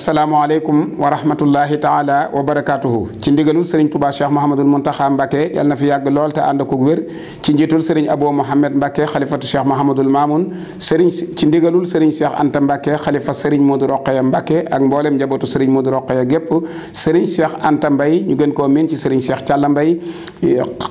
asalaamaaleykum wa rahmatullahi taala wa barakaatuhu ci ndigalul sëriñ Touba Cheikh Mouhamadul Mountakha Mbacke yàlla na fi yàgg lool te ànd koog wér ci njiitul sëriñ Abo Mouhamed Mbacke xalifatu Cheikh Mouhamadul Mamoun sëriñ ci ndigalul sëriñ Cheikh Anta Mbacke xalifa sëriñ Modou Rokhaya Mbacke ak mboolem njabootu sëriñ Modou Rokhaya gépp sëriñ Cheikh Anta Mbay ñu gën koo miin ci sëriñ Cheikh Thialla Mbay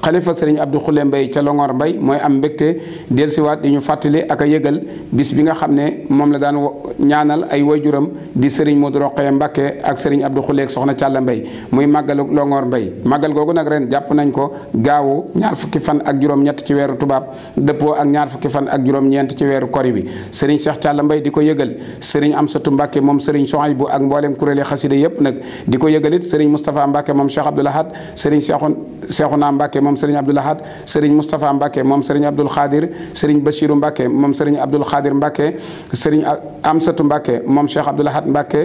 xalifa sëriñ Abdou Khoule Mbay ca Longor Mbay mooy am mbégte dellusiwaat di ñu fàttali ak yëgal bis bi nga xam ne moom la daan ñaanal ay waajuram di sëriñ Modou Abdou Roqee Mbacke ak Serigne Abdou Xuleeg Soxna Càlla Mbay muy màggalu Longoor Mbay màggal googu nag ren jàpp nañ ko gaawu ñaar fukki fan ak juróom-ñett ci weeru tubaab dëppoo ak ñaar fukki fan ak juróom-ñeent ci weeru kori bi Serigne Cheikh Càlla Mbay di ko yëgal Serigne Amsatu Mbacke moom Serigne Sohaybu ak mboolem kuréeli xasida yépp nag di ko yëgalit Serigne Moustapha Mbacke moom Cheikh Abdoul Ahad Serigne Cheikhoun Seexuna Mbàkke moom sëriñ Abdul Ahad sëriñ Moustapha Mbàkke moom sëriñ Abdul Xaadir sëriñ Bachiru Mbàkke moom sëriñ Abdul Xaadir Mbàkke sëriñ Amsatu Mbàkke moom Cheikh Abdul Ahad Mbàkke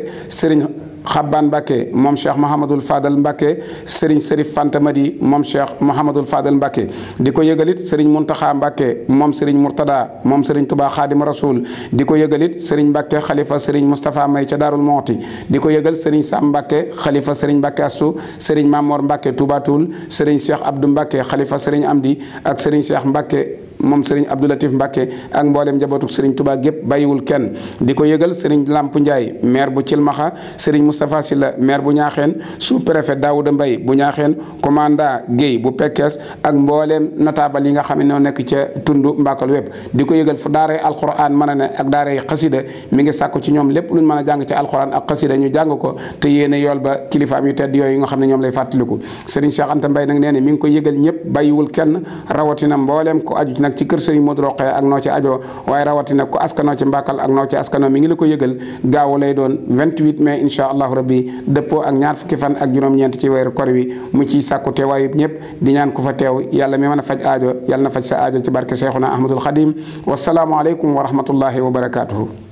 Xabbaan Mbacke moom Cheikh Mouhamadul Fadal Mbacke Serigne Serif Fanta Madi moom Cheikh Mouhamadul Fadal Mbacke di ko yëgalit Serigne Mountakha Mbacke moom Serigne Mourtada moom Serigne Touba Khadim Rasoul di ko yëgalit Serigne Mbacke Khalifa Serigne Moustapha May ca Darul di ko yëgal Serigne Sam Mbacke Khalifa Serigne Mbacke Astou Serigne Mamor Mbacke Touba Toul Serigne Cheikh Abdou Mbacke Khalifa Serigne Amdi ak Serigne Cheikh Mbacke. moom sëriñ Abdou Latif Mbacke ak mboolem njabootuk seriñ Touba gépp bàyyiwul kenn di ko yëgal sëriñ Lamp Ndiaye maire bu Cilmaxa sëriñ Moustapha Silla maire bu Ñaaxeen sous-préfet Daouda mbay bu Ñaaxeen commandant Guèye bu Pekes ak mbooleem nataabal yi nga xam ne noo nekk ca tundu Mbakal wépp di ko yëgal fu daaray alquran mën a ne ak daaray xasida mi ngi sàkku ci ñoom lépp lu mën a jàng ci alquran ak xasida ñu jàng ko te yéene yool ba kilifaam yu tedd yooyu nga xam ne ñoom lay fàttaliku sëriñ Cheikh Anta Mbaye nag nee ne mi ngi ko yëgal ñëpp bàyyiwul kenn rawatina mbooleem ko aju ci nag ci kër sëriñ Modou Rokhaya ak noo ci ajo waaye rawatina ku askanoo ci mbàkkal ak noo ci askanoo mi ngi la ko yëgal gaawu lay doon 28 mai incha allah rabbi dëppoo ak ñaar fukki fan ak juróom-ñeent ci weeru kor wi mu ciy sàkku teewaayu ñëpp di ñaan ku fa teew yàlla mi mën a faj aajo yàlla na faj sa aajo ci barke Seexuna Ahmadul Xadim wasalaamualeykum wa rahmatullahi wa barakaatuhu